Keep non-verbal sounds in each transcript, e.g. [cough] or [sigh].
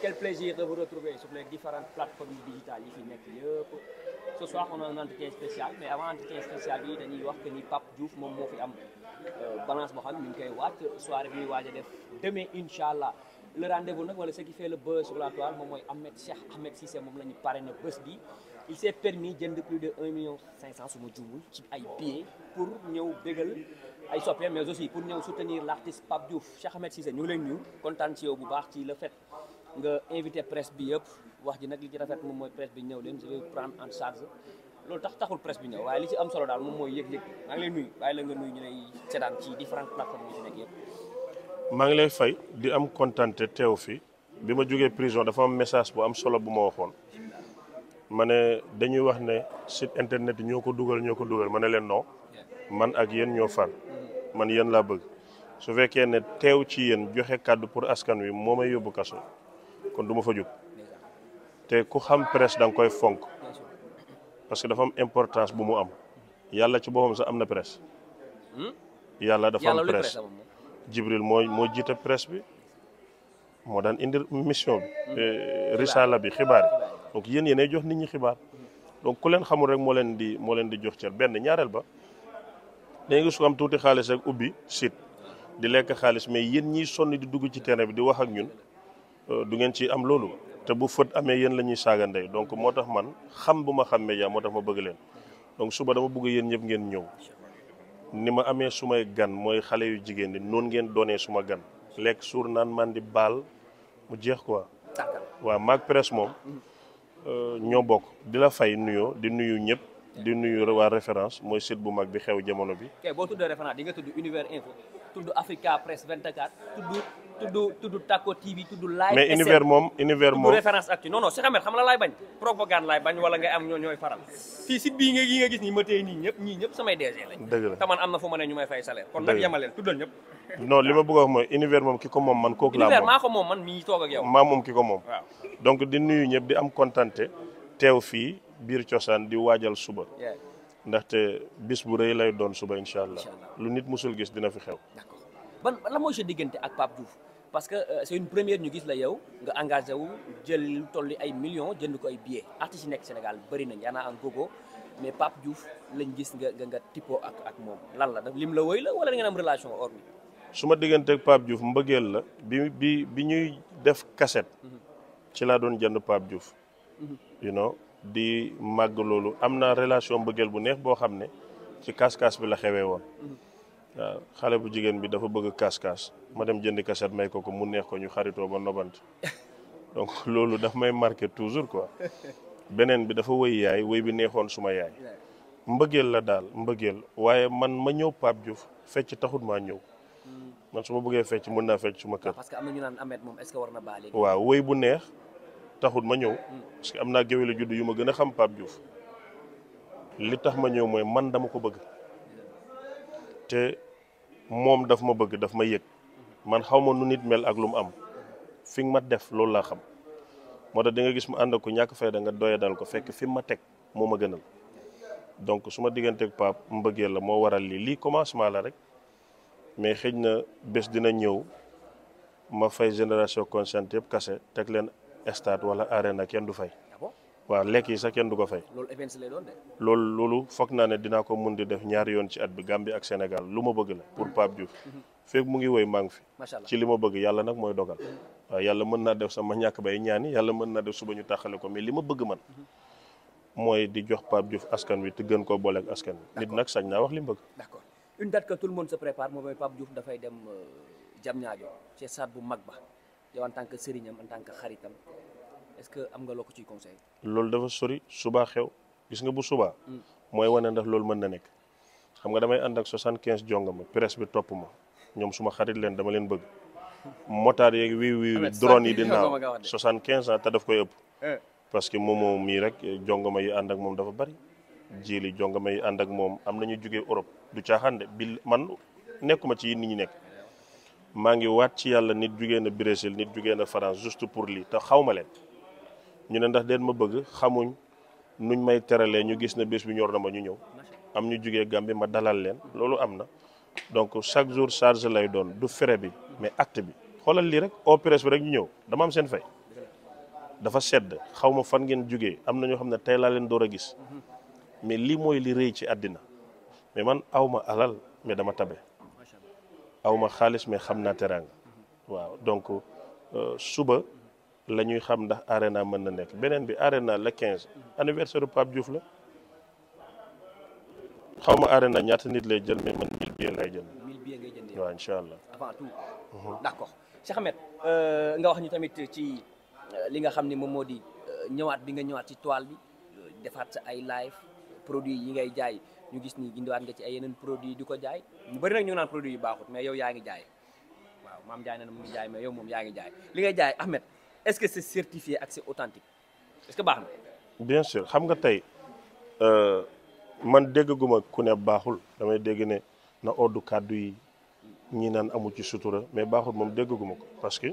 quel plaisir de vous retrouver sur les différentes plateformes digitales yi fi nekk yëpp ce soir on a un entretien spécial mais avant entretien spécial bi dañuy wax que ni Pape Diouf moom moo fi am euh, balance boo xam ñu ngi koy waat soirée bi ñuy waaj a def demain incha allah le rendez nag wala ce qui fait le buzz sur la toile moom mooy Ahmed Cheikh Ahmed Cissé moom la ñu parrainé bés bi il s'est permis jënd plus de 1 million 500 su ma juumul ci ay billets pour ñëw bégal ay soppeem mais aussi pour ñëw soutenir l' artiste Pape Diouf Cheikh Ahmed Cissé kontaan ci yow bu baax ci le fait. nga invité presse bi yëpp wax ji nag li ci rafet moom mooy presse bi ñëw leen je vais en charge loolu tax taxul presse bi ñëw waaye li ci am solo daal moom mooy yëg-yëg maa ngi nga nuyu ñu maa ngi lay fay di am kontante teew fi bi ma jógee prison dafa am message bu am solo bu ma waxoon ma ne dañuy wax ne site internet yi ñoo ko dugal ñoo ko dugal ma ne leen non man ak yéen ñoo far man yéen laa su fekkee ne teew ci yéen joxe kàddu pour askan wi moo yóbbu kaso. kon du ma fa jóg te ku xam press da nga koy fonk parce que dafa am importance bu mu am yàlla ci boppam sax am na presse. Hmm? yàlla dafa am presse Jibril moo moo jiite presse bi moo daan indi mission bi. Hmm. Eh, risala bi xibaar yi donc yéen yéenay jox nit ñi xibaar donc ku leen xamul rek moo leen di moo leen di jox cër benn ñaareel ba da nga su am tuuti xaalis rek ubbi site di lekk xaalis mais yéen ñiy sonn di dugg ci terrain bi di wax ak ñun. Euh, du ngeen ci am loolu te bu fët amee yéen la ñuy saagandey donc moo tax man xam bu ma xam média moo tax ma bëgg leen donc suba dama bëgg yéen ñëpp ngeen ñëw ni ma amee sumay gan mooy xale yu jigéen di noonu ngeen doonee suma gan lekk suur naan man di baal mu jeex quoi waaw maag presse moom euh, ñoo bokk di la fay nuyoo di nuyu ñëpp di nuyu waa référence mooy site bu mag bi xew jamono bi. ok boo tuddee référence di nga tudd univers info tudd Africa Press 24 tudd tudd tudd Tako TV tudd. live mais univers moom univers moom tudd référence actu la laay nga yi nga gis nii ma tey ñëpp ñii ñëpp samay DG lañ. dëgg am na fu ma ne ñu may fay a wax mooy univers moom ki ko moom man kooku laa moom univers maa ko moom man mii toog ak yow. maa moom ki ko moom. waaw donc di nuyu ñëpp di am kontante teew fii biir cosaan di waajal suba ndaxte bis bu rëy lay doon suba incha allah lu nit musul gis dina fi xew d'accord ban la mooy sa diggante ak Pape Diouf parce que euh, c'est une première ñu gis la yow nga engagé wu jël lu toll ay millions jënd ko ay billets artistes nekk Sénégal bëri nañ yaanaa am gogo mais Pape Diouf lañ gis nga nga nga tippoo ak ak moom lan la lim la woy la wala ngeen am relation or bi su ma diggante ak Pape Diouf mbëggeel la bi bi bi ñuy def cassette mhm. ci laa doon jënd Pape Diouf mhm. di màgg loolu am na relation mbëggeel bu neex boo xam ne ci kaas-kaas bi la xewee woon waaw xale bu jigéen bi dafa bëgg kaas-kaas ma dem jënd kaset may ko ko mu neex ko ñu xaritoo ba nobant [laughs] donc loolu daf may marqué toujours quoi beneen bi dafa wëy yaay wëy bi neexoon suma yaay mbëggeel la daal mbëggeel waaye man ma ñëw Pape Diouf fecc taxut maa ñëw hmm. man su ma bëggee fecc mën naa fecc suma kër. parce naan Ameth moom war na baale. waaw wëy bu neex. taxul ma ñëw parce am naa géwélu juddu yu ma gën a xam Pape Diouf li tax ma ñëw mooy man dama ko bëgg te moom daf ma bëgg daf ma yëg man xaw ma nu nit mel ak lu mu am fi nga ma def loolu laa xam moo tax danga gis mu ànd ak ko ñàkk fayda nga doya dal ko fekk fi ma teg moo ma gënal donc su ma digganteeg Pape mbëggee la moo waral lii lii commencement la rek mais xëj na bés dina ñëw ma fay génération consciente yëpp kase teg leen stade wala arena kenn du fay. Ah waaw lekk yi sax kenn du ko fay. loolu de. loolu loolu foog naa ne dinaa ko mun di def ñaari yoon ci at bi Gambie ak Sénégal lu ma bëgg la pour Pape Diouf. Mhm. fekk mu ngi woy maa ngi fi. ci li ma bëgg yàlla nag mooy dogal. Mhm. waaw yàlla mën naa def sama ñàkk bay ñaani yàlla mën naa def suba ñu taxale ko mais li ma bëgg man. Mhm. mooy di jox Pape Diouf askan wi te gën koo booleeg askan wi. nit nag sañ naa wax li mu bëgg. d'accord une date que tout le monde se prépare moom mooy Pape Diouf dafay dem euh, Diamniadio ci stade bu mag ba. en tant que sëriñam en tant que xaritam ce que am nga loo ko ciy conseil loolu dafa sori subaa xew gis nga bu subaa. Hmm. mooy wane ndax loolu mën na nekk. xam nga damay ànd ak soixante quinze jonga ma presse bi topp ma ñoom suma xarit leen dama leen bëgg. motaar yeeg wii wii drone yi di naaw soixante quinze ans te daf koy ëpp. Eh. parce que moom moom mii jongama yi ànd ak moom dafa bari jéeli jongama yi ànd ak moom am na ñu jógee Europe du caaxaan de bi man nekkuma ci nit ñu nekk. maa ngi waat ci yàlla nit jugee na Brésil nit jugee na France juste pour lii te xawma ma leen ñu ne ndax den ma bëgg xamuñ nuñ may teralee ñu gis na bés bi ñor na ma ñu ñëw am ñu jugee Gambie ma dalal leen loolu am na donc chaque jour charge lay doon du fere bi mais acte bi xoolal lii rek opérés bi rek ñu ñëw dama am seen fay dafa sedd xaw ma fan ngeen jugee am na ñoo xam ne tey laa leen door a gis mhm. mais lii mooy li rëy ci àddina mais man awma alal mais dama tabe awma xaalis mais xam naa teraanga waaw donc euh, suba la ñuy xam ndax arena mën na nekk beneen bi arena la 15 anniversaire u Pape Diouf la xaw ma arena ñaata nit lay jël mais man 1000 lay jël. 1000 billets ngay jëndee waaw incha allah. avant tout. Mhm. Euh, nga wax ñu tamit ci euh, li nga xam ni moom moo di ñëwaat bi nga ñëwaat ci toile bi defaat sa ay live produits yi ngay jaay ñu gis ni gindiwaat nga ci ay yeneen produits di ko jaay. mu bëri nag ñu ngi naan produit yu baaxut mais yow yaa ngi jaay waaw maam jaay na ne jaay mais yow moom yaa ngi jaay li ngay jaay Ahmed est-ce que c'est certifié ak c'est authentique est-ce que baax na. bien sûr xam nga tey euh, man déggaguma ko ne baaxul damay dégg ne na oddu kàddu yi ñi naan amu ci sutura mais baaxul moom déggaguma ko parce que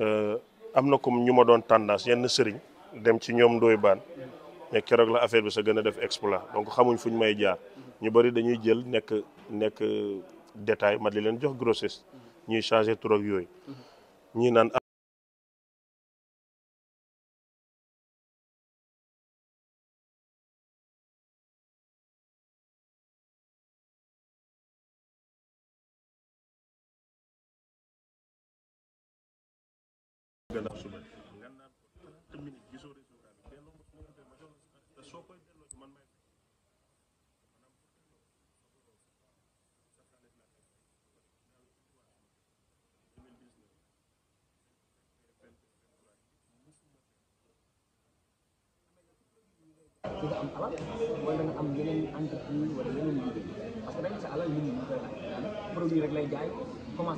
euh, am na comme ñu ma doon tendance yenn sëriñ dem ci ñoom Ndoye Bane mais keroog la affaire bi sa gën a def exploit donc xamuñ ñu may jaar. ñu bëri dañuy jël nekk nekk détail ma di leen jox grossiste ñuy changé tur ak yooyu mhm. ñii naan bëgg a am alal wala nga am yeneen entreprise wala yeneen liggéey parce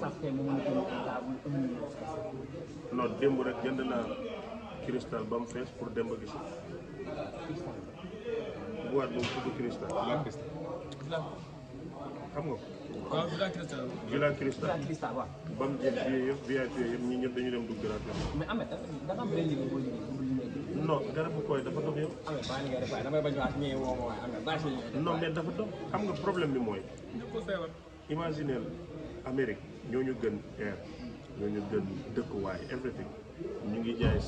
a jënd table rek jënd naa cristal ba mu fees pour démb gis boîte xam nga waaw Villa Cristal. Villa Cristal Villa waaw. ba mu jël yëpp VIP yëpp ñun ñëpp dañu dem dugg gratuit. mais am na da nga am benn liggéey non garabu koy dafa dox ah, yow. am na non mais dafa dox am nga problème bi mooy. imagineel Amérique ñoo ñu gën air ñoo ñu gën dëkkuwaay everything ñu ngi jaay.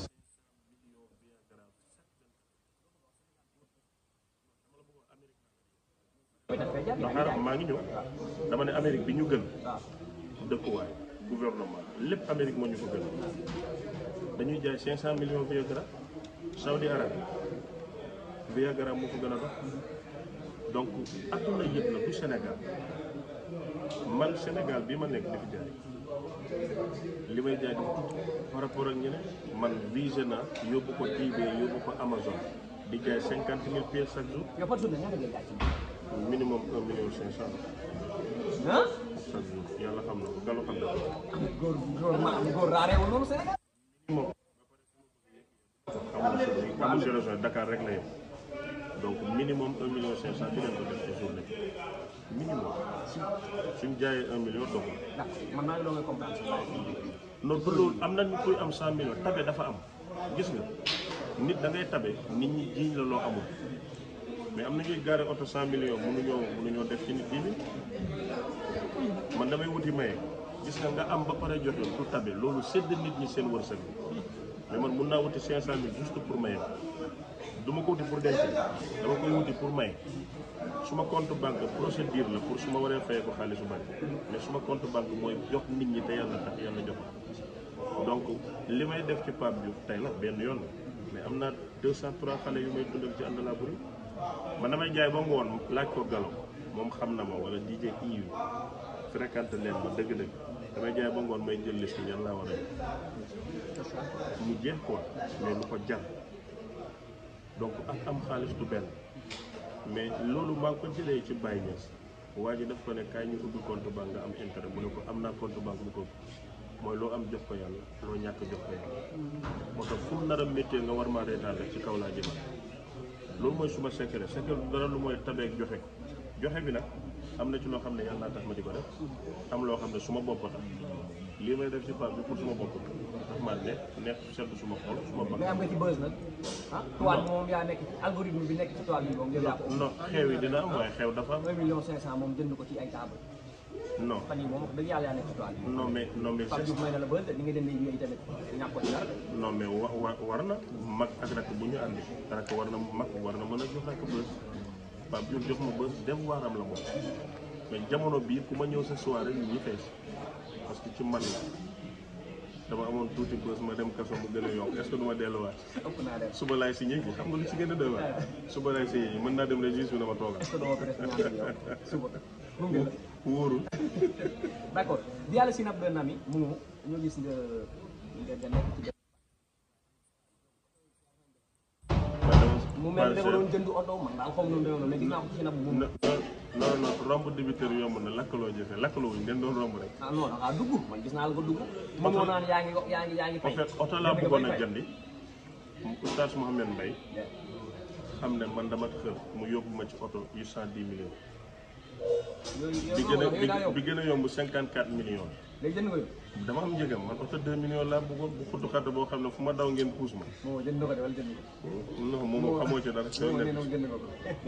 ndax xaaral maa ngi ñëw dama ne Amérique bi ñu gën dëkkuwaay gouvernement lépp Amérique moo ñu ko gën dañuy jaay 500 millions de dollars. Saudi Arabie Viagra moo ko gën a dox donc adduna yëpp la du Sénégal man Sénégal bi ma nekk di jaay li may jaay di tuuti par rapport ak ñeneen man visé naa yóbbu ko eBay yóbbu ko Amazon di jaay cinquante mil pièces chaque jour. minimum un million cinq cent. chaque jour yàlla xam na ko gàllu xam na ko. bu zéro rek la yem donc minimum un million cinq cent dinañ ko def ci journée bi minimum suñ jaayee un million doxul. man maa loolu am na kuy am cent millions tabe dafa am gis nga nit da ngay tabe nit ñi jiiñ la amul mais am na ñuy gaare oto cent millions mënuñoo ñoo def ci nit dix mille man damay wuti maye gis nga nga am ba pare jotoon pour tabe loolu sédd nit ñi seen wërsëg. mais man mun naa wuti 500000 juste pour maye du ma ko wuti pour denc dama koy wuti pour maye suma compte banque procédure la pour su ma waree fayee ko xaalisu bari mais suma compte banque mooy jox nit ñi te yàlla tax yàlla jox donc li may def ci Pape Diouf tey la benn yoon mais am naa trois xale yu may dundal ci ànd laa bëri man damay jaay ba mu woon laaj ko galo moom xam na ma wala DJ Iyu fréquente leen ma dëgg-dëgg. damay jaay ba ngoon may jël liste ñan laa war a def mu jeex quoi mais lu ko jar donc ak am xaalis du benn mais loolu maa ngi ko jëlee ci baay Niass waa ji daf ko ne kaay ñu ubbi compte banque nga am intérêt mu ne ko am naa compte banque bu ko mooy loo am jox ko yàlla loo ñàkk jox ko yàlla moo tax fu mu nar méttee nga war maa reetaan rek ci kaw laa jëma loolu mooy suma secret secret du dara lu mooy tabeeg joxe ko joxe bi nag am na ci loo xam ne yàlla tax ma di ko def am loo xam ne su ma bopp tax lii may def ci paa bi pour su ma bopp tax maa ne nekk su ma xool su ma bopp. mais am nga ci ah, nekk ci algorithme bi nekk ci toile bi moom. non xew yi xew dafa am. 1 million 500 moom jënd ko ci ay table. non fan yii moom wax dëgg yàlla yaa mais non mais. Pape Diouf may na la buzz ni nga demee yooyu tamit ñàkk ko ci dara. non mais wa war na mag ak rakk bu ñu àndi rakk war na mag war na mën a jox rakk buzz. Pape Diop jox ma ba devoir am la moom mais jamono bii ku ma ñëw sa soirée ñu fees parce que ci man la dama amoon tuuti bës ma dem kaso mu gën a yokk est ce que du ma delluwaat. suba laay signé ji xam nga lu ci gën a doy waar. suba laay signé mën naa dem rek juge bi dama toogal. suba wóorul. d' accord. ñu gis nga nga nekk mu mel oto man daal xaw ma noonu noonu mais gis naa na romb débiteur yomb na lakkaloo jëfe lakkaloo wuñ ngeen doon romb rek ah gis naa la nga dugg man moo naan yaa ngi yaa ngi yaa ngi fay en fait oto laa bëggoon a jëndi oustaz Mouhamed Mbaye xam ne man dama xër mu yóbbu ma ci oto huit cent dix millions bi gën a bi gën a yomb cinquante quatre millions léegi jënd dama am njëgam man oto 2 millions laa bëggoon bu xottu xarit boo xam ne fu ma daw ngeen puus ma. moo jënd nga ko de wala jënd ko. non moom xamoo ci dara. moom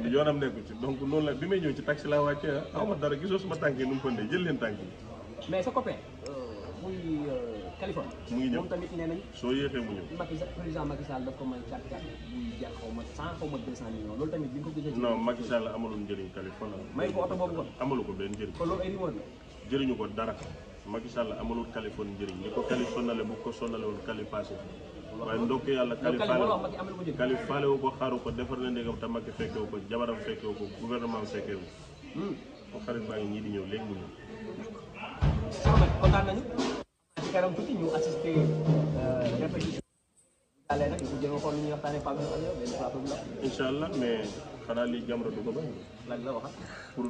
jënd [laughs] noonu la bi may ñëw ah, dara gisoo suma tànk yi nu mu fëndee jël leen tànk yi. mais sa copain. Euh, muy euh, Californie. ngi ñëw moom tamit nee soo yéexee mu ñëw. Macky ko may càkk ma cent xaw ma deux cent millions loolu tamit bi ko gisee. non Macky Sall amalul njëriñ Californie. may ko oto boobu amalu ko benn njëriñ. kon loolu ay numéro la. jëriñu ko dara. Macky Sall amalul Kaliphone njëriñ li ko Kaliphone sonale bu ko sonale Kali passé waaye ndokk yàlla Kali faale wu ko xaaru ko defar na ndégam te Macky fekkewu ko jabaram fekkewu ko gouvernement fekkewu ko hmm. xarit baa ngi ñii di ñëw léegi mu ñëw la wax pour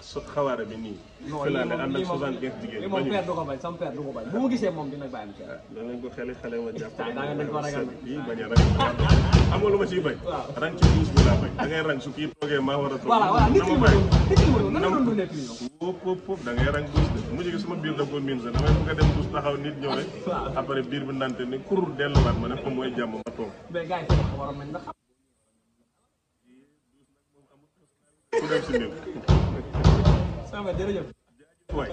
so xawaare bi nii. xanaa ne am na 75 jigéen ñi moom père du ko bañ sama père du ko bañ bu mu gisee ah, a lu su a la doon dundee prison. foofu foofu foofu da bi mujj gi sama biir daf ko miin sax damay bëgg a dem douche taxaw nit ñëw rek. waaw biir bi nante ni kur delluwaat ma ne ko mooy jàmm ma toog. mais gars yi dem si néew. Samba jërëjëf. waay.